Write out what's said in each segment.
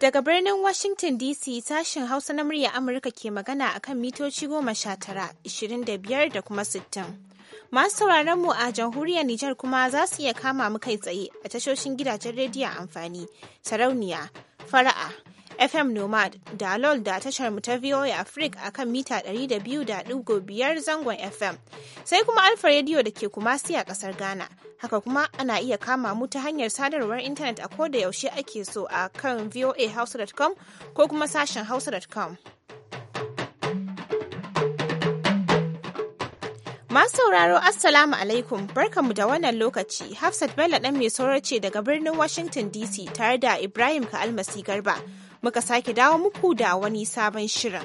Daga birnin Washington DC sashin Hausa na murya Amurka ke magana akan mitoci goma sha tara, ishirin da biyar da kuma sittin. Masu sauraron mu a jamhuriyar Nijar kuma za su iya kama mu kai tsaye a tashoshin gidajen rediyo amfani, sarauniya, fara'a, FM Nomad, da lol da tashar mu ta VOA Africa a kan mita 200.5 zangon FM. Sai kuma Alfa Radio da ke kuma a kasar Ghana. Haka kuma ana iya kama mu ta hanyar sadarwar intanet a koda yaushe ake so a kan voahouse.com ko kuma sashen hausa.com. Masu sauraro Assalamu alaikum barkanmu da wannan lokaci Hafsat Bello ɗan mai ce daga birnin Washington DC tare da Ibrahim ka Almasi Garba muka sake dawo muku da wani sabon shirin.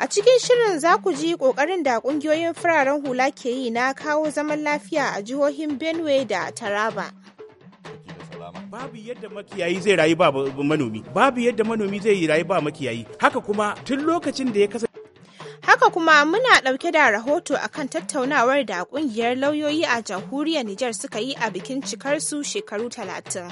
A cikin shirin za ku ji ƙoƙarin da ƙungiyoyin fararen hula ke yi na kawo zaman lafiya a jihohin Benue da Taraba. Babu yadda makiyayi zai rayu ba manomi, babu yadda manomi zai rayu ba makiyayi. Haka kuma tun lokacin da ya kasa Haka kuma muna ɗauke da rahoto akan tattaunawar da ƙungiyar lauyoyi a jamhuriyar Nijar suka yi a bikin cikarsu shekaru talatin.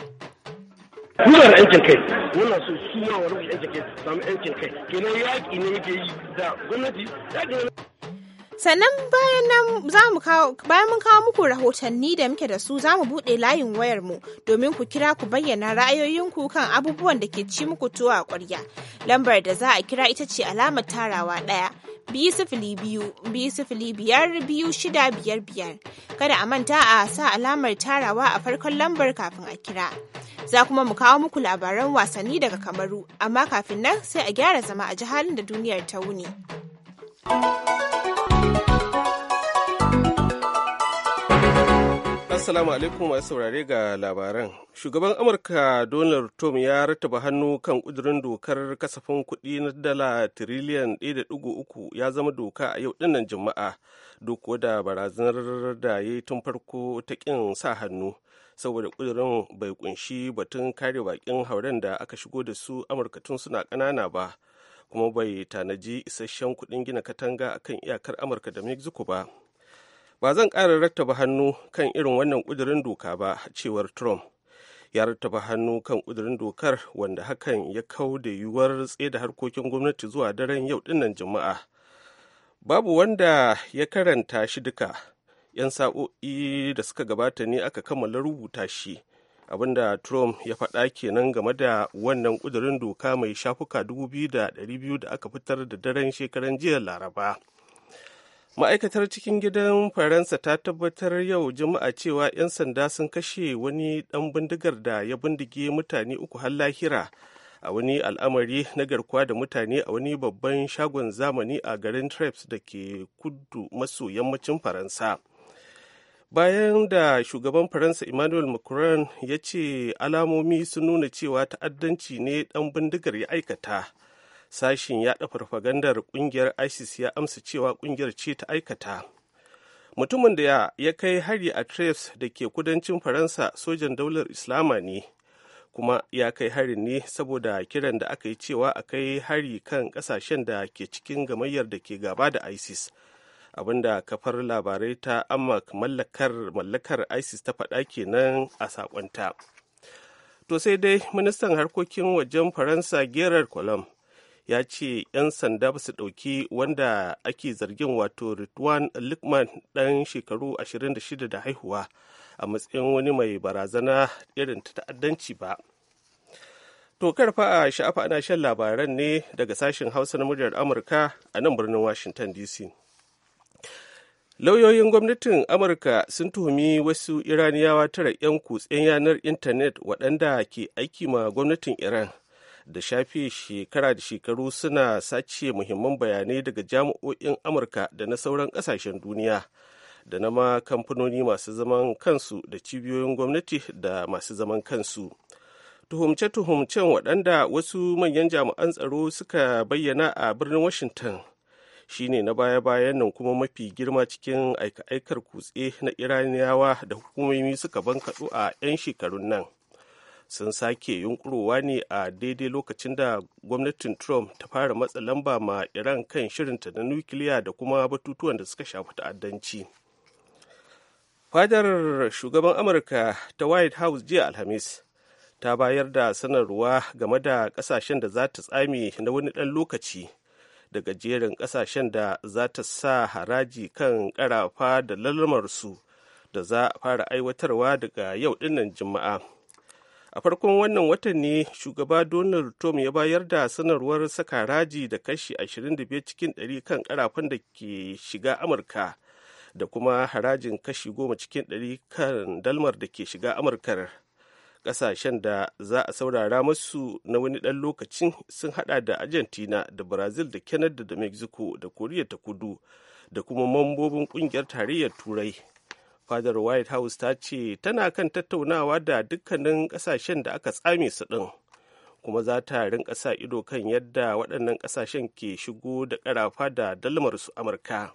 Muna da yancin kai, wannan so su ma wani yancin kai, samu yancin kai. Kenan yaƙi ne muke yi da gwamnati, yaƙi ne sannan bayan nan za mu kawo bayan mun kawo muku rahotanni da muke da su za mu buɗe layin wayar mu domin ku kira ku bayyana ra'ayoyinku kan abubuwan da ke ci muku tuwo a ƙwarya lambar da za a kira ita ce alamar tarawa ɗaya biyu sifili biyu biyu sifili biyar biyu shida biyar biyar kada a manta a sa alamar tarawa a farkon lambar kafin a kira za kuma mu kawo muku labaran wasanni daga kamaru amma kafin nan sai a gyara zama a ji halin da duniyar ta wuni. Assalamu alaikum masu saurare ga labaran. Shugaban Amurka Donald Trump ya rattaba hannu kan kudurin dokar kasafin kuɗi na dala tiriliyan 1.3 ya zama doka a yau dinnan Juma'a duk da barazanar da ya yi tun farko ta ƙin sa hannu. saboda ƙudurin bai kunshi batun kare bakin hauren da aka shigo da su amurka tun suna ƙanana ba kuma bai tanaji isasshen kuɗin gina katanga a kan iyakar amurka da mexico ba ba zan ƙara rattaba hannu kan irin wannan ƙudurin doka ba cewar trump ya rattaba hannu kan ƙudurin dokar wanda hakan ya kau da yiwuwar da harkokin gwamnati zuwa daren yau dinnan juma'a babu wanda ya karanta shi duka 'yan sa'o'i da suka gabata ne aka kammala rubuta shi abinda trump ya faɗa kenan game da wannan ƙudurin doka mai shafuka 2,200 da aka fitar da daren shekaran jiya laraba ma'aikatar cikin gidan faransa ta tabbatar yau juma'a cewa 'yan sanda sun kashe wani ɗan bindigar da ya bindige mutane uku har lahira a wani al'amari na garkuwa da mutane a wani babban shagon zamani a garin treps da ke kudu maso yammacin faransa bayan da shugaban faransa emmanuel macron ya ce alamomi sun nuna cewa ta'addanci ne dan bindigar ya aikata sashin yaɗa farfagandar ƙungiyar isis ya amsa cewa ƙungiyar ce ta aikata mutumin da ya kai hari a treves da ke kudancin faransa sojan daular islama ne kuma ya kai harin ne saboda kiran da aka yi cewa a kai hari kan kasashen da ke cikin gamayyar da ke gaba da isis abinda kafar labarai ta amak mallakar mallakar isis ta faɗa kenan a sakonta to sai dai ministan harkokin wajen faransa gerard colom ya ce 'yan sanda ba su ɗauki wanda ake zargin wato Ritwan Likman ɗan shekaru 26 da haihuwa a matsayin wani mai barazana irin ta ta'addanci ba. To karfa a sha'afa ana shan labaran ne daga sashen Hausa na muryar Amurka a nan birnin Washington DC. lauyoyin gwamnatin amurka sun tuhumi wasu iraniyawa tara 'yan kutsen yanar intanet waɗanda ke aiki ma gwamnatin iran da shafe shekara da shekaru suna sace muhimman bayanai daga jami'o'in amurka da na sauran ƙasashen duniya da na ma kamfanoni masu zaman kansu da cibiyoyin gwamnati da masu zaman kansu tuhumce-tuhumcen waɗanda wasu manyan jami'an tsaro suka bayyana a birnin washington shine na baya-bayan nan kuma mafi girma cikin aika-aikar kutse na iraniyawa da hukumomi suka bankaɗo a 'yan shekarun nan sun sake yunkurowa ne a daidai lokacin da gwamnatin trump ta fara matsa lamba ma iran kan shirinta na nukiliya da kuma batutuwan da suka shafi ta'addanci fadar shugaban amurka ta white house jiya alhamis ta bayar da sanarwa game da kasashen da za ta tsame na wani ɗan lokaci daga jerin kasashen da za ta sa haraji kan ƙarafa da lalmarsu da za a fara aiwatarwa daga yau dinnan juma'a a farkon wannan watan ne shugaba donald trump ya bayar da sanarwar saka haraji da kashi 25 cikin 100 kan ƙarafan da ke shiga amurka da kuma harajin kashi 10 cikin 100 kan dalmar da ke shiga amurkar Ƙasashen da za a saurara masu na wani ɗan lokacin sun haɗa da Argentina da Brazil da Canada da Mexico da Koriya ta kudu da kuma mambobin ƙungiyar tarayyar Turai. Fadar White House ta ce tana kan tattaunawa da dukkanin ƙasashen da aka tsame su ɗin. kuma za ta rinka sa ido kan yadda waɗannan ƙasashen ke shigo da ƙarafa da dalmarsu amurka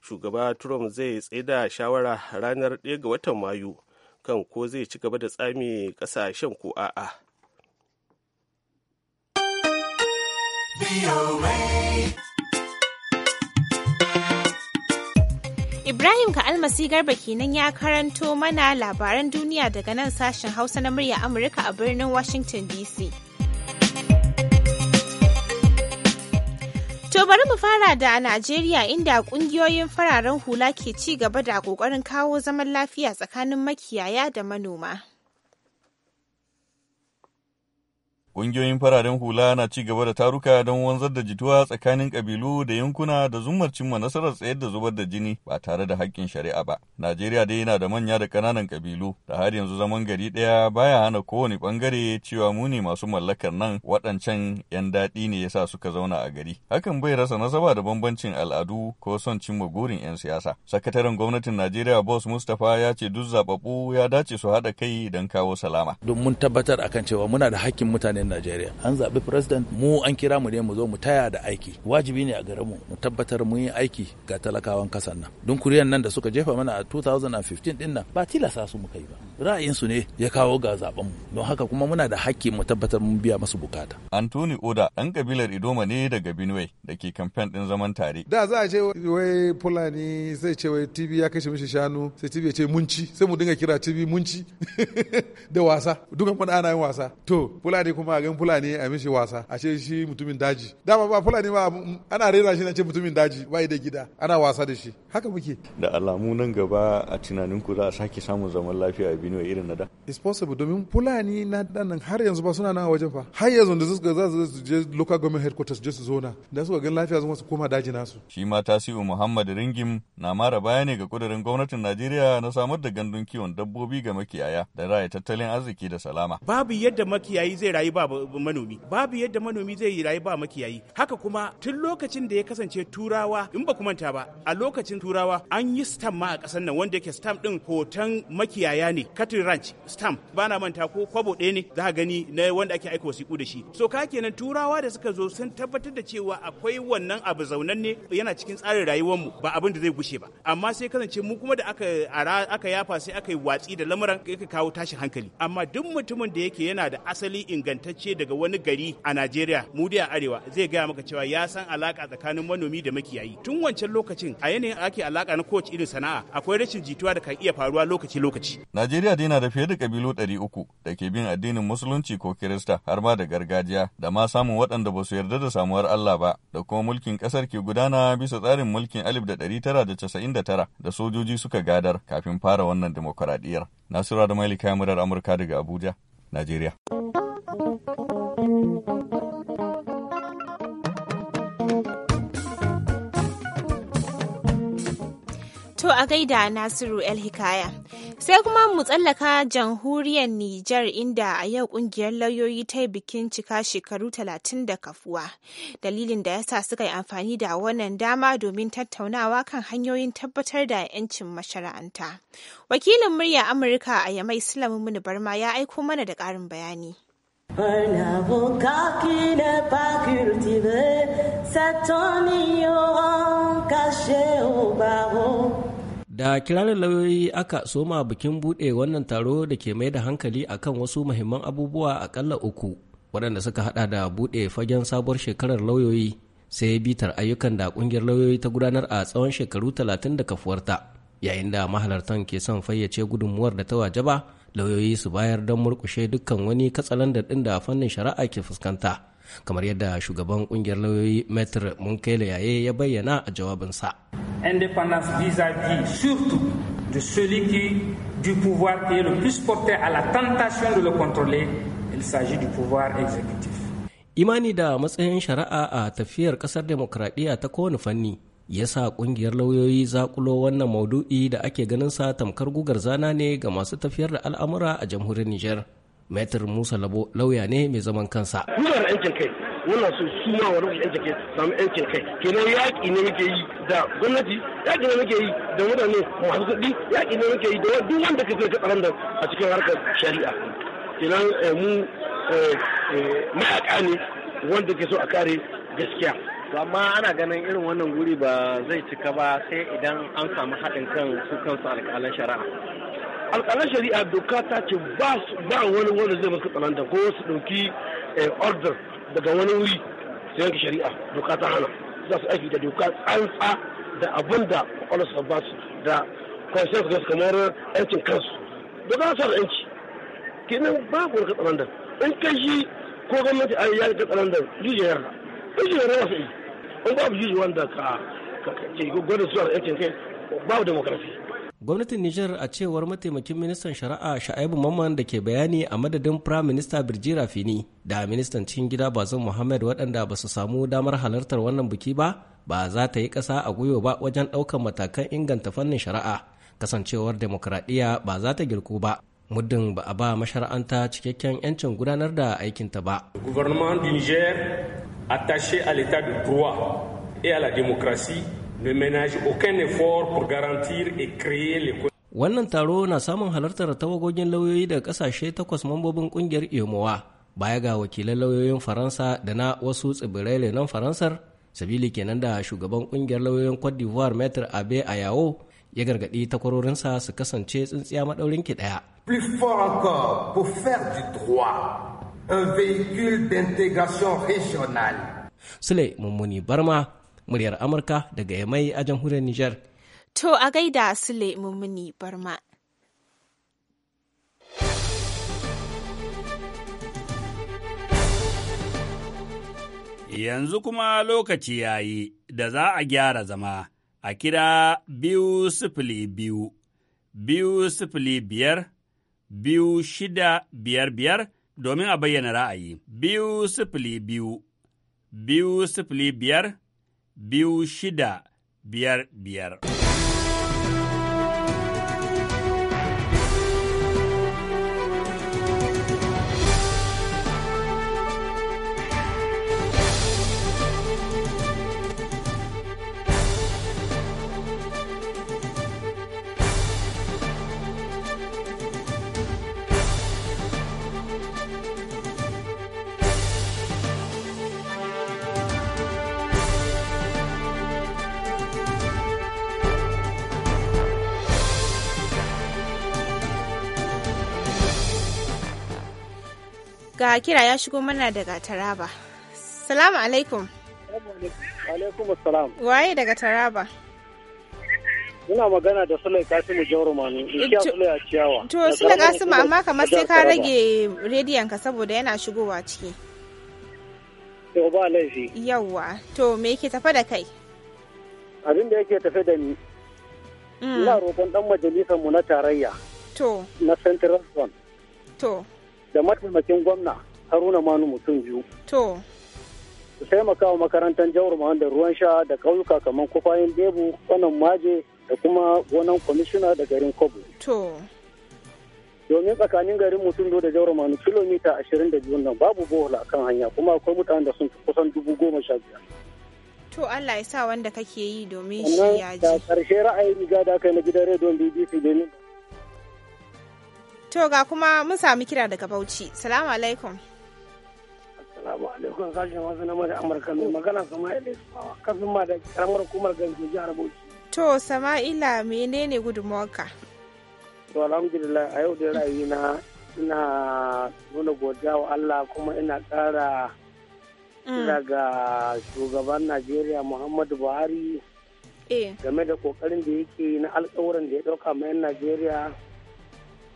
shugaba trump zai tsaida shawara ranar 1 ga watan mayu kan ko zai ci gaba da tsami kasashen ko a'a. Ibrahim Almasi Garba kenan ya karanto mana labaran duniya daga nan sashen Hausa na murya Amurka a birnin Washington DC. To bari mu fara da a Najeriya inda kungiyoyin fararen hula ke ci gaba da kokarin kawo zaman lafiya tsakanin makiyaya da manoma. Ƙungiyoyin fararen hula na ci gaba da taruka don wanzar da jituwa tsakanin ƙabilu da yankuna da zummar cimma nasarar tsayar da zubar da jini ba tare da haƙƙin shari'a ba. Najeriya dai yana da manya da ƙananan ƙabilu da har yanzu zaman gari ɗaya baya hana kowane ɓangare cewa mu ne masu mallakar nan waɗancan 'yan daɗi ne yasa suka zauna a gari. Hakan bai rasa nasaba da bambancin al'adu ko son cimma gurin 'yan siyasa. Sakataren gwamnatin Najeriya Boss Mustapha ya ce duk zaɓaɓɓu ya dace su haɗa kai don kawo salama. Don mun tabbatar akan cewa muna da haƙƙin mutane mutanen Najeriya an zaɓi president mu an kira mu ne mu zo mu taya da aiki wajibi ne a gare mu mu tabbatar mun yi aiki ga talakawan kasan nan don kuriyan nan da suka jefa mana a 2015 din nan ba tilasa su mu kai ba ra'ayin su ne ya kawo ga zaben mu don haka kuma muna da hakki mu tabbatar mun biya masu bukata Anthony Oda dan kabilar Idoma ne daga Benue da ke kamfen din zaman tare da za a ce wai Fulani sai ce wai TV ya kashe mishi shanu sai TV ya ce munci sai mu dinga kira TV munci da wasa dukan mun ana yin wasa to Fulani kuma ma gan fulani a mishi wasa a ce shi mutumin daji dama ba fulani ba ana rera shi na ce mutumin daji bai da gida ana wasa da shi haka muke da alamu nan gaba a tunanin ku za a sake samun zaman lafiya a Benue irin na da Is possible domin fulani na nan har yanzu ba suna nan a wajen fa har yanzu da suka za su je local government headquarters je su zona da suka gan lafiya zuwa su koma daji nasu shi ma tasiru Muhammad Ringim na mara baya ne ga kudirin gwamnatin Najeriya na samar da gandun kiwon dabbobi ga makiyaya da raya tattalin arziki da salama babu yadda makiyayi zai rayu ba ba manomi babu yadda manomi zai yi rayu ba makiyayi haka kuma tun lokacin da ya kasance turawa in ba manta ba a lokacin turawa an yi stamp ma a kasar nan wanda yake stamp din hoton makiyaya ne katin ranch stamp bana manta ko kwabo ɗaya ne za gani na wanda ake aika wasiƙu da shi so ka kenan turawa da suka zo sun tabbatar da cewa akwai wannan abu zaunanne yana cikin tsarin rayuwar mu ba abin da zai gushe ba amma sai kasance mu kuma da aka ara aka yafa sai aka yi watsi da lamuran ka kawo tashin hankali amma duk mutumin da yake yana da asali inganta. amintacce daga wani gari a Najeriya mu dai a arewa zai gaya maka cewa ya san alaka tsakanin manomi da makiyayi tun wancan lokacin a yanayin ake alaka na kowace irin sana'a akwai rashin jituwa da kan iya faruwa lokaci lokaci Najeriya dai na da fiye da kabilu 300 da ke bin addinin musulunci ko kirista har ma da gargajiya da ma samun waɗanda ba su yarda da samuwar Allah ba da kuma mulkin ƙasar ke gudana bisa tsarin mulkin 1999 da sojoji suka gadar kafin fara wannan dimokuraɗiyyar Nasiru da kayan Murar Amurka daga Abuja, Najeriya. To a gaida Nasiru El Hikaya. Sai kuma mu tsallaka jamhuriyar Nijar inda a yau kungiyar lauyoyi ta yi bikin cika shekaru talatin da kafuwa. Dalilin da yasa suka yi amfani da wannan dama domin tattaunawa kan hanyoyin tabbatar da 'yancin mashara'anta. Wakilin murya Amurka a Yamai Sulaimu Barma ya aiko mana da ƙarin bayani. Un avocat qui n'est pas cultivé, c'est un ignorant caché au barreau. Da kirarin lauyoyi aka soma bikin buɗe wannan taro da ke mai da hankali akan wasu mahimman abubuwa akalla uku, waɗanda suka hada da buɗe fagen sabuwar shekarar lauyoyi sai bitar ayyukan da ƙungiyar lauyoyi ta gudanar a tsawon shekaru talatin da kafuwarta, yayin da mahalartan ke son fayyace gudunmuwar da ta wajaba lauyoyi su bayar don murkushe dukkan wani katsalandar ɗin da fannin shari'a ke fuskanta kamar yadda shugaban kungiyar lauyoyi metr munkele yaye ya bayyana a jawabinsa indépendance vis-à-vis surtout de celui qui du pouvoir qui est le plus porté à la tentation de le contrôler il s'agit du pouvoir exécutif imani da matsayin shari'a a tafiyar kasar demokradiyya ta kowane fanni ya sa ƙungiyar lauyoyi zakulo wannan maudu'i da ake ganin sa tamkar gugar zana ne ga masu tafiyar da al'amura a jamhuriyar Nijar. Metir Musa Labo lauya ne mai zaman kansa. Gugar aikin kai muna so su ma wani yanci kai samu yancin kai kenan yaƙi ne muke yi da gwamnati yaƙi ne muke yi da mutane masu kuɗi yaƙi ne muke yi da duk wanda ke ka tsaron da a cikin harkar shari'a kenan eh, mu eh, eh, mayaƙa ne wanda ke so a kare gaskiya amma ana ganin irin wannan guri ba zai cika ba sai idan an samu haɗin kan su kansu alƙalan shari'a alƙalan shari'a doka ta ce ba wani wani zai masu tsananta ko su ɗauki eh, order daga wani wuri su yanke shari'a doka ta hana za su aiki da doka tsantsa da abin da kwakwalwarsu ba su da kwanciyar su kamar yancin kansu da za su da yanci kenan babu wani katsalandan in kai shi ko gwamnati a yi ya katsalandan jijiyar da jijiyar da su yi in babu yi wanda ka gwada zuwa da kai babu demokrasi gwamnatin niger a cewar mataimakin ministan shari'a sha'ibu mamman da ke bayani a madadin prime minister birji rafini da ministan cikin gida bazin muhammad waɗanda ba su samu damar halartar wannan biki ba ba za ta yi ƙasa a gwiwa ba wajen ɗaukar matakan inganta fannin shari'a kasancewar demokradiyya ba za ta girku ba muddin ba a ba mashara'anta cikakken 'yancin gudanar da aikinta ba. Gouvernement du Niger attachés à l'état de droit et à la démocratie, ne ménage aucun effort pour garantir et créer les Wannan taro na samun halartar tawagogin lauyoyi daga kasashe takwas mambobin kungiyar Iyomowa baya ga wakilan lauyoyin Faransa da na wasu tsibirai renon Faransar, sabili kenan da shugaban kungiyar lauyoyin Cote d'Ivoire Maitre Abe Ayawo ya gargaɗi takwarorinsa su kasance tsintsiya ki ɗaya. Plus fort encore pour faire du droit un véhicule d'intégration régionale. Sule Mummuni Barma, muryar Amurka daga Yamai a jamhuriyar Nijar. To a gaida Sule Mummuni Barma. Yanzu kuma lokaci ya yi da za a gyara zama a kira biyu sifili biyu, biyu sifili biyar, biyu shida biyar biyar domin a bayyana ra'ayi. Biyu sifili biyu, biyu sifili biyar, biyu shida biyar biyar. ga kira ya shigo mana daga taraba salamu alaikum alaikum assalam waye daga taraba Ina magana da Sule Kasimu Jaurumanu, Ishiya Sule a Ciyawa. To, Sule Kasimu amma kamar sai ka rage rediyon ka saboda yana shigowa ciki. To, ba laifi. Yawwa, to me yake tafe da kai? Abin da yake tafe da ni. Mm. Ina roƙon ɗan majalisar mu na tarayya. To. Na Central Zone. To. da mataimakin gwamna haruna manu mutum biyu to su taimakawa makarantar jawar da ruwan sha da ƙauyuka kamar kufayin debu wannan maje da kuma gonan kwamishina da garin kobo to domin tsakanin garin mutum da jawar manu kilomita ashirin da biyu nan babu bohol a kan hanya kuma akwai mutane da sun kusan dubu goma sha biyar to Allah ya sa wanda kake yi domin shi ya ji. Da ƙarshe ra'ayi ga da aka yi na gidan rediyon BBC domin To ga kuma mun sami kira daga Bauchi. Salamu alaikum. Salamu alaikum sashen wasu na mara Amurka mai magana sama Ismawa kafin ma da karamar hukumar Ganjo jihar Bauchi. To Sama'ila menene gudunmawarka? To alhamdulillah a yau da na ina nuna godiya wa Allah kuma ina ƙara daga mm. ga shugaban Najeriya Muhammadu Buhari eh. game da kokarin da yake na alƙawuran da ya ɗauka ma 'yan Najeriya.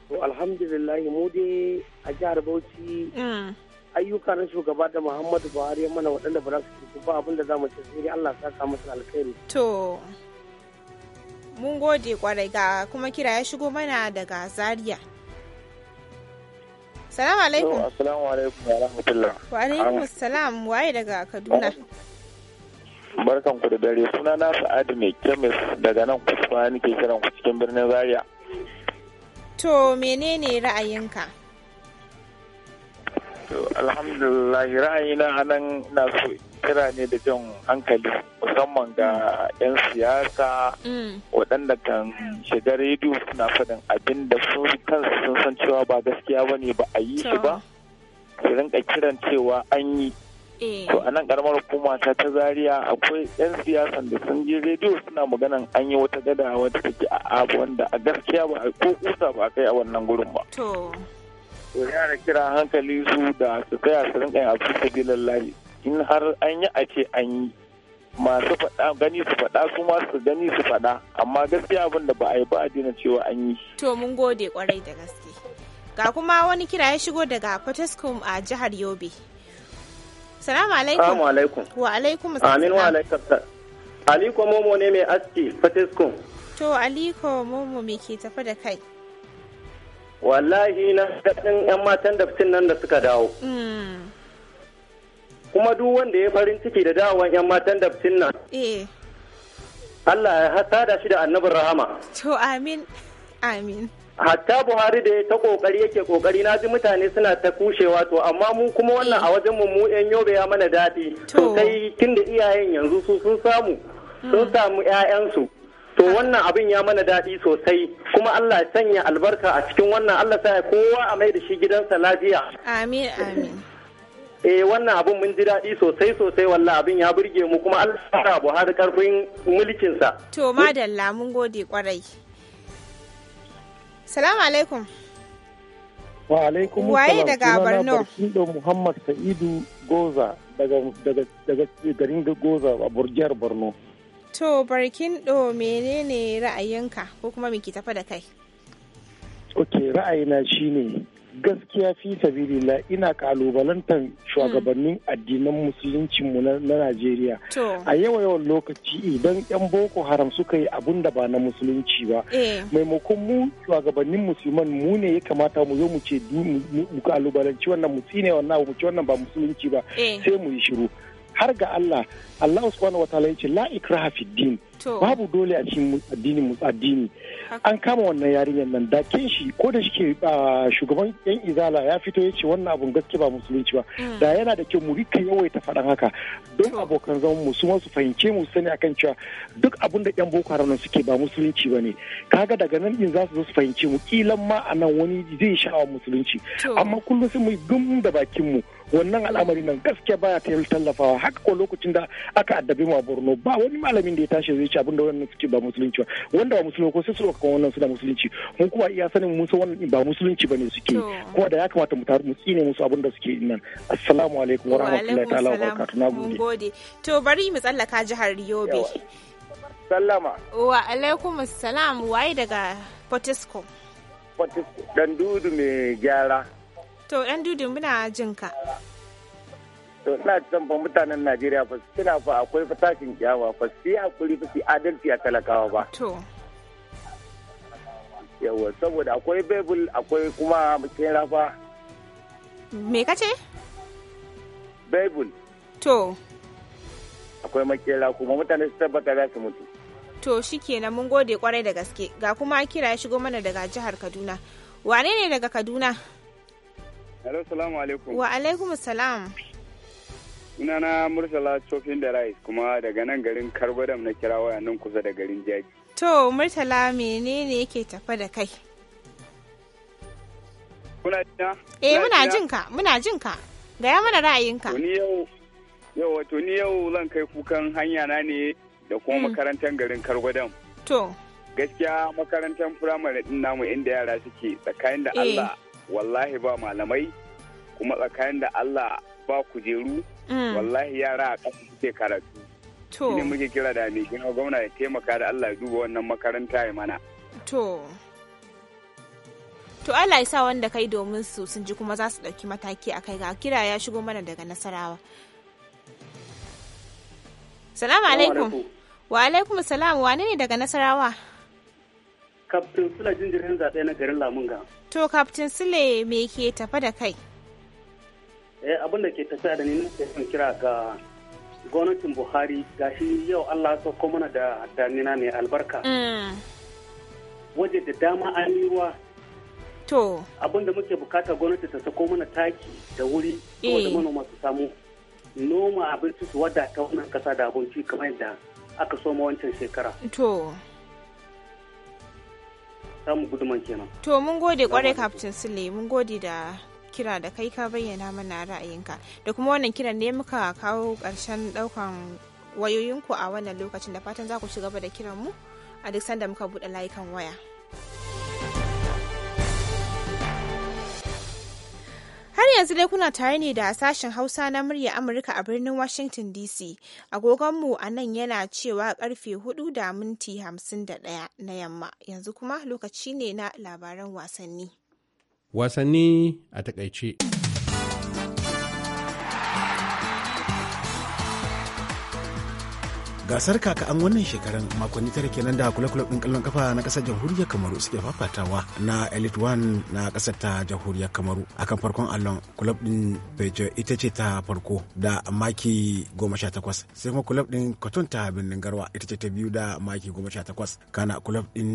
To alhamdulillah mu dai a jihar Bauchi mm. ayyuka na shugaba da Muhammadu Buhari ya mana waɗanda ba za su ci ba abin da za mu ce sai Allah saka masa alkhairi. To mun gode kwarai ga kuma kira ya shigo mana daga Zaria. Salamu alaikum. Assalamu alaikum wa rahmatullah. Wa alaikum assalam waye daga Kaduna. Barkan ku da dare suna na Sa'adu mai kemis daga nan ne ke kiran ku cikin birnin Zaria. To menene ra'ayinka? To alhamdulillah ra'ayina anan na so kira ne da jan hankali musamman ga 'yan siyasa mm. waɗanda kan shiga rediyo suna faɗin abin da sun kansu sun san cewa ba gaskiya ba ne ba a yi shi ba su rinka kiran cewa an yi Eh. to a nan karamar hukuma ta ta zaria akwai 'yan siyasan da sun je rediyo suna maganan an yi wata gada wata take a abu wanda a gaskiya ba a ko kusa ba a kai a wannan gurin ba to yana kira hankali su da su tsaya su rinka yin abu sabilan layi in har an yi a ce an yi masu faɗa gani su faɗa su ma su gani su faɗa amma gaskiya abin da ba a yi ba a dina cewa an yi to mun gode kwarai da gaske ga kuma wani kira ya shigo daga Potoskum a jihar Yobe Salamu alaikum. Salamu alaikum. Wa alaikum salam. Amin wa alaikum Aliko Momo ne mai aski Fatiskun. To Aliko Momo me ke tafi da kai? Wallahi na daɗin 'yan matan daftin nan da suka dawo. Mm. Kuma duk wanda ya farin ciki da dawon 'yan matan daftin nan. Eh. Allah ya hasa da shi da annabin rahama. To amin. Amin. hatta buhari da ta kokari yake kokari na ji mutane suna ta kushewa to amma mu kuma wannan a wajen mu yan yobe ya mana daɗi to kai tunda da iyayen yanzu su sun samu sun mm. samu ƴaƴansu to ah. wannan abin ya mana daɗi sosai kuma Allah ya sanya albarka a cikin wannan Allah sa kowa a mai da shi gidansa lafiya amin amin eh wannan abin mun ji daɗi sosai sosai wallahi abin ya burge mu kuma Allah ya sa Buhari karfin mulkinsa to madalla mun gode kwarai Salamu alaikum. Wa alaikum Waye daga Borno? da Muhammad Sa'idu Goza daga garin Goza a Burjiyar Borno. To barkindo menene ra'ayinka ko kuma me tafa da kai? Ok ra'ayina shine gaskiya fi sabilillah ina kalubalantar shugabannin addinan musuluncinmu na Najeriya. A yawa yawan lokaci idan 'yan Boko Haram suka yi abun da ba na musulunci ba. Eh. Maimakon mu shugabannin musulman mu ne ya kamata mu zo mu ce mu kalubalanci wannan mu tsine wannan mu ce wannan ba musulunci ba eh. sai mu yi shiru. Har ga Allah, Allah subhanahu wa ta'ala ya ce la ikraha fid din. babu dole a cikin addini addini an kama wannan yarinyar nan da kin shi ko da shike shugaban yan izala ya fito ya ce wannan abun gaske ba musulunci ba mm. da yana da kyau mu rika yawaita faɗan haka don abokan zaman mu su su fahimce mu sani akan cewa duk abun da yan boko haram suke ba musulunci ba ne kaga daga nan din za su zo su fahimce mu kilan ma a nan wani zai sha'awar musulunci amma kullum sai mu gum da bakin mu wannan al'amari nan gaskiya baya tallafawa haka ko lokacin da aka addabi mu a Borno ba wani malamin da ya tashi zai musulunci abin da wannan suke ba musulunci ba wanda ba musulunci ko sai su ɗauka wannan suna musulunci mun kuma iya sanin mun san wannan ba musulunci bane suke kuma da ya kamata mu taru mu tsine musu abin da suke nan assalamu alaikum wa rahmatullahi ta'ala wa barakatuh nagode to bari mu tsallaka jihar Yobe sallama wa alaikum assalam waye daga Potisco Potisco dan dudu mai gyara to dan dudu muna jinka to ina son fa mutanen Najeriya fa suna fa akwai fa tashin kiyawa fa su yi hakuri fa su adalci a talakawa ba to yawa saboda akwai bebul akwai kuma kera fa me kace bebul to akwai makera kuma mutane su tabbata za su mutu to shikenan mun gode kwarai da gaske ga kuma kira ya shigo mana daga jihar Kaduna wane ne daga Kaduna Hello, salamu alaikum. Wa alaikum salam. na murtala chofin da rice kuma daga nan garin kargodam na kira waya nan kusa da garin jaji to murtala menene yake tafa da kai kuna jina eh muna jin ka muna jin ka gaya mana ra'ayinka to ni yau yau wato ni yau zan kai kukan hanya na ne da kuma mm. makarantar garin kargodam to gaskiya makarantar firamare din namu inda yara suke tsakanin da eh. Allah wallahi ba malamai kuma tsakanin da Allah ba kujeru Mm. wallahi yara a ƙasa suke karatu to ne muke kira da ne gina gwamna ya taimaka da Allah ya duba wannan makaranta ya mana to to Allah ya sa wanda kai domin su sun ji kuma za su ɗauki mataki a kai ga kira ya shigo mana daga nasarawa salamu alaikum wa alaikum salam wane ne daga nasarawa kaftin sule jinjirin zaɓe na garin lamunga to kaftin sule me ke tafa da kai Eh, abin da ke tafiya da ni ne sai kira ga gwamnatin buhari gashi yau allah ya ko mana da damina mai albarka mm. waje da dama an yi to abin da muke bukata gwamnati ta sauko mana taki da wuri saboda eh. manoma su samu noma abinci su ta wannan kasa da abinci kamar yadda aka soma wancan shekara to samu guduman kenan to mun gode kwarai kaftin sule mun gode da kira da kai ka bayyana mana ra'ayinka da kuma wannan kiran ne muka kawo ƙarshen ɗaukan wayoyinku a wannan lokacin da fatan za ku ci gaba da kiran mu a duk sanda muka buɗe layukan waya. Har yanzu dai kuna tare ne da sashen Hausa na murya Amurka a birnin Washington DC. Agogonmu a nan yana cewa karfe 4 da minti 51 na yamma. Yanzu kuma lokaci ne na labaran wasanni. wasanni a takaice. gasar kaka an wannan shekaran makonni tara kenan da kula kula din kallon kafa na kasar jamhuriyar kamaru suke fafatawa na elite one na kasar ta jamhuriyar kamaru akan farkon allon kulab din bejo ita ce ta farko da maki goma takwas sai kuma kulab din cotton ta birnin garwa ita ce ta biyu da maki goma takwas kana kulab din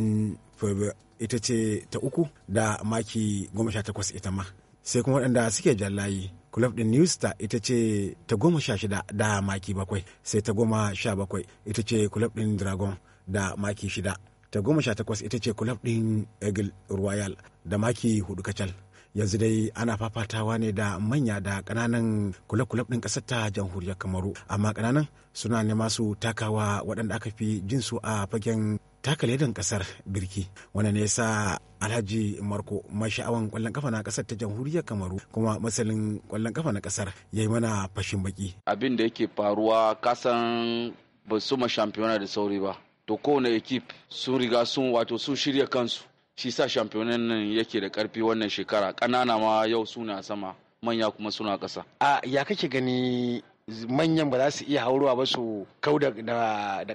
ita ce ta uku da maki goma takwas ita ma sai kuma waɗanda suke jallayi club din new star ita ce ta goma sha shida da maki bakwai sai ta goma sha bakwai ita ce club din dragon da maki shida ta goma sha takwas ita ce club din eagle royal da maki hudu kacal yanzu dai ana fafatawa ne da manya da kananan kulab kulob ɗin ƙasar ta jamhuriyar kamaru amma kananan suna nema su takawa waɗanda aka fi jinsu a fagen taka ledan kasar birki wanda ne sa alhaji marko masha'awan kwallon kafa na kasar ta jamhuriyar kamaru kuma masalin kwallon kafa na kasar ya yi mana fashin baki abin da yake faruwa kasan ba su ma shampiyona da sauri ba to kowane ekip sun riga sun wato sun shirya kansu shi sa shampiyonan nan yake da karfi wannan shekara kanana ma yau suna sama manya kuma suna kasa a ya kake gani manyan ba za su iya haurowa ba su kau da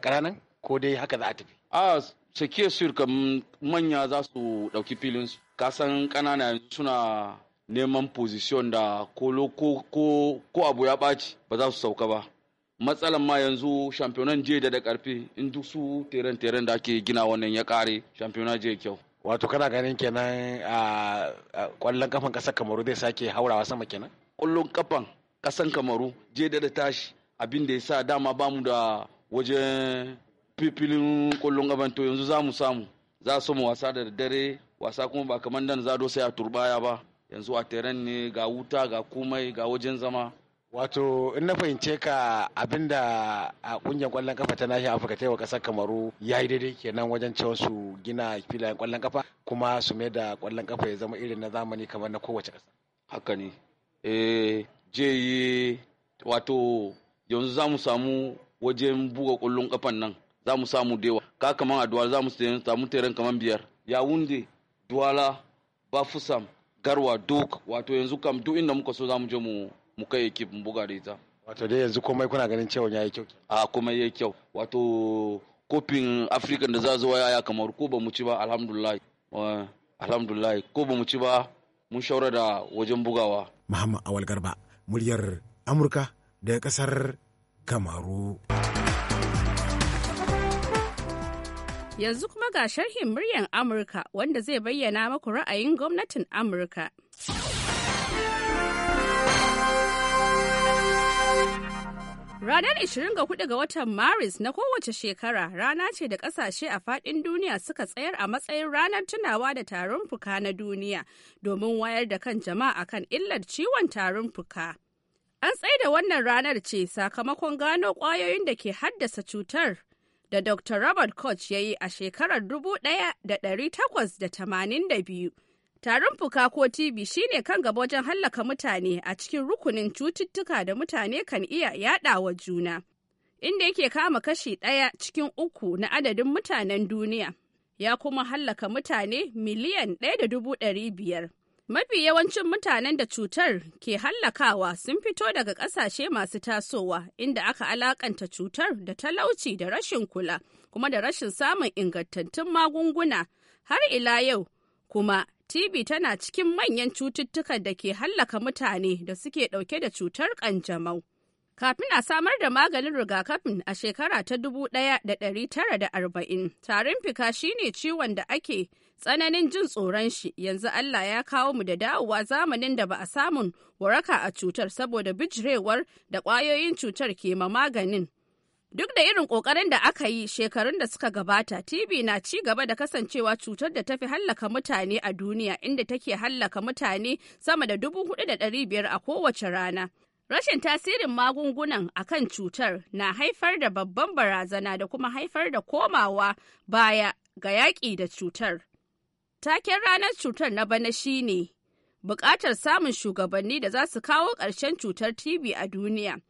ƙananan ko dai haka za a tafi a sake sirka manya za su ɗauki filin su kasan ƙanana suna neman position da ko ko abu ya ɓaci ba za su sauka ba matsalan ma yanzu shampiyonan je da da karfi in duk su teren teren da ake gina wannan ya kare shampiyona je kyau wato kana ganin kenan a kwallon kafan kasar kamaru zai sake haurawa sama kenan kwallon kafan kasan kamaru je da tashi abin da ya sa dama bamu da wajen filin kullun gaban to yanzu za mu samu za su mu wasa da dare wasa kuma ba kamar dan zado sai a turbaya ba yanzu a teren ne ga wuta ga komai ga wajen zama wato in na fahimce ka abinda a kungiyar kwallon kafa ta nahiyar afirka ta yi wa kasar kamaru ya yi daidai kenan wajen cewa su gina filayen kwallon kafa kuma su mai da kwallon kafa ya zama irin na zamani kamar na kowace kasa haka ne eh je wato yanzu za mu samu wajen buga kwallon kafan nan za mu samu dewa ka kaman a duwala za mu samu teren kaman biyar ya wunde duwala ba fusam garwa duk wato yanzu kam duk inda muka so za mu je mu kai ekip mu buga da ita wato dai yanzu komai kuna ganin cewa ya yi kyau a komai ya kyau wato kofin afirka da za zo ya kamar ko ba mu ci ba alhamdulillah alhamdulillah ko ba mu ci ba mun shaura da wajen bugawa muhammad awal garba muryar amurka daga kasar kamaru Yanzu kuma ga sharhin muryan Amurka wanda zai bayyana maku ra'ayin gwamnatin Amurka. Ranar 24 ga watan Maris na kowace shekara rana ce da ƙasashe a faɗin duniya suka tsayar a matsayin ranar tunawa da tarin fuka na duniya domin wayar da kan jama'a kan illar ciwon tarin fuka. An tsaida wannan ranar ce sakamakon gano ƙwayoyin da ke haddasa cutar da Dr. Robert Koch ya yi a shekarar 1882. Tarin fuka ko TB shine kan gaba wajen hallaka mutane a cikin rukunin cututtuka da mutane kan iya yaɗawa juna, inda yake kama kashi ɗaya cikin uku na adadin mutanen duniya, ya kuma hallaka mutane miliyan ɗaya Mafi yawancin mutanen da cutar ke hallakawa sun fito daga ƙasashe masu tasowa inda aka alakanta cutar da talauci da rashin kula kuma da rashin samun ingantattun magunguna har ila yau kuma TB tana cikin manyan cututtukan da ke hallaka mutane da suke ɗauke da cutar ƙanjamau. Kafin a samar da maganin rigakafin a shekara ta 1940, tarin fika shine ciwon da ake tsananin jin tsoron shi yanzu Allah ya kawo mu da dawowa zamanin da ba a samun waraka a cutar saboda bijirewar da ƙwayoyin cutar ke ma maganin. Duk da irin ƙoƙarin da aka yi shekarun da suka gabata, TV na ci gaba da kasancewa cutar da tafi hallaka mutane a duniya inda take hallaka mutane sama da dubu da biyar a kowace rana. Rashin tasirin magungunan a kan cutar na haifar da babban barazana da kuma haifar da komawa baya ga yaƙi da cutar. Taken ranar cutar na bana shi ne buƙatar samun shugabanni da za su kawo ƙarshen cutar TB a duniya,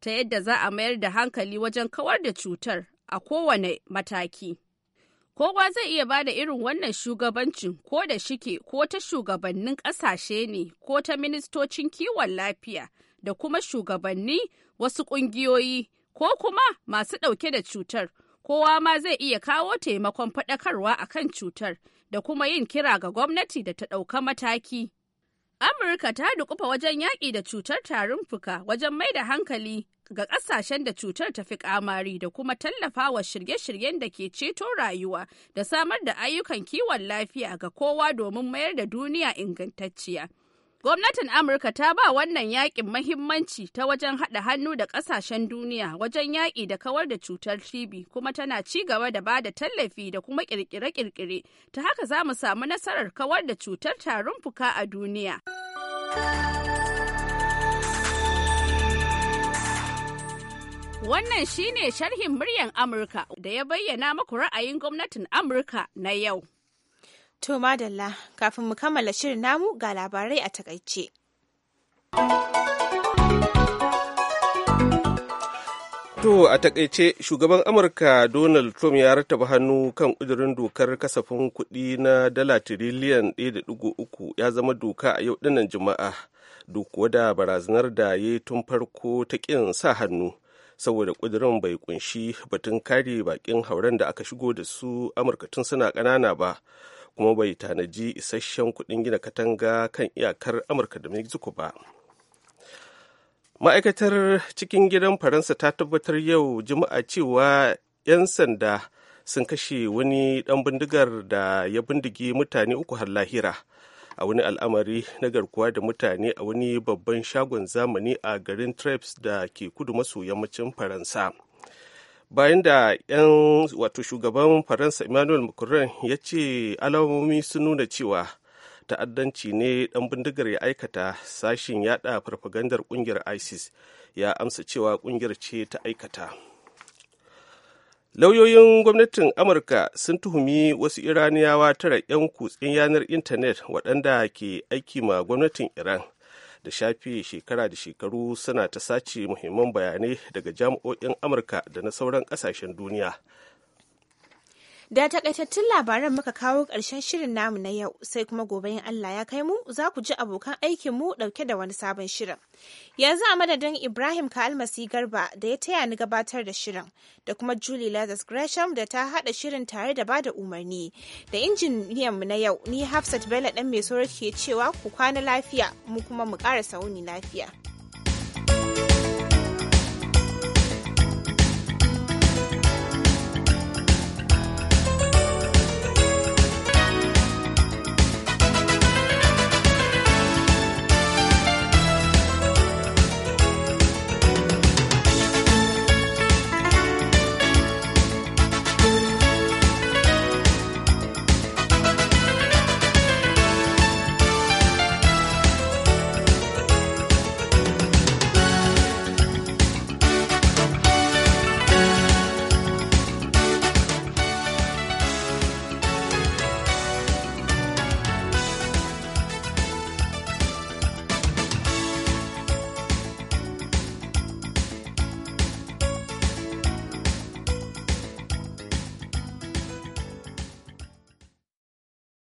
ta yadda za a mayar da hankali wajen kawar da cutar a kowane mataki. Kowa zai iya ba da irin wannan shugabancin ko da shike ko ta shugabannin ƙasashe ne ko ta ministocin kiwon lafiya da kuma shugabanni wasu ƙungiyoyi ko kuma masu ɗauke da cutar. Kowa ma zai iya kawo taimakon faɗakarwa a kan cutar da kuma yin kira ga gwamnati da ta ɗauka mataki. Amurka ta dukufa wajen yaƙi da cutar tarin fuka wajen mai da hankali ga ƙasashen da cutar ta fi ƙamari da kuma tallafawa shirye-shiryen da ke ceto rayuwa da samar da ayyukan kiwon lafiya ga kowa domin mayar da duniya ingantacciya. Gwamnatin Amurka ta ba wannan yakin mahimmanci ta wajen haɗa hannu da ƙasashen duniya wajen yaƙi da kawar da cutar TB kuma tana ci gaba da ba da tallafi da kuma ƙirƙire-ƙirƙire ta haka za mu samu nasarar kawar da cutar tarin fuka a duniya. Wannan shine sharhin muryan Amurka da ya bayyana muku ra'ayin gwamnatin Amurka na yau. To madalla kafin mu kammala shirin namu ga labarai a takaice. To a takaice shugaban Amurka Donald Trump ya rattaba hannu kan ƙudurin dokar kasafin kuɗi na dala tiriliyan 1.3 ya zama doka a yau dinnan Juma'a duk wada barazanar da ya yi tun farko ta ƙin sa hannu saboda ƙudurin bai kunshi batun kare bakin hauren da aka shigo da su Amurka tun suna ƙanana ba kuma bai tanaji isasshen kuɗin gina katanga kan iyakar amurka da mexico ba ma'aikatar cikin gidan faransa ta tabbatar yau juma'a cewa 'yan sanda sun kashe wani ɗan bindigar da ya bindige mutane uku har lahira a wani al'amari na garkuwa da mutane a wani babban shagon zamani a garin Trips da ke kudu maso yammacin faransa bayan da 'yan wato shugaban faransa emmanuel macron ya ce alamomi sun nuna cewa ta'addanci ne dan bindigar ya aikata sashin yada farfagandar kungiyar isis ya amsa cewa kungiyar ce ta aikata lauyoyin gwamnatin amurka sun tuhumi wasu iraniyawa tara 'yan kutsen yanar intanet waɗanda ke aiki ma gwamnatin iran da shafi shekara da shekaru suna ta sace muhimman bayanai daga jami'o'in amurka da na sauran kasashen duniya Da takaitattun labaran muka kawo ƙarshen shirin namu na yau sai kuma gobe in Allah ya kai mu za ku ji abokan aikin mu ɗauke da wani sabon shirin. Yanzu a madadin Ibrahim Kalmasi Garba da ya taya ni gabatar da shirin da kuma Julie Lazarus Gresham da ta hada shirin tare da bada umarni da injiniyan mu na yau ni Hafsat Bello dan mai ke cewa ku kwana lafiya mu kuma mu ƙara sauni lafiya.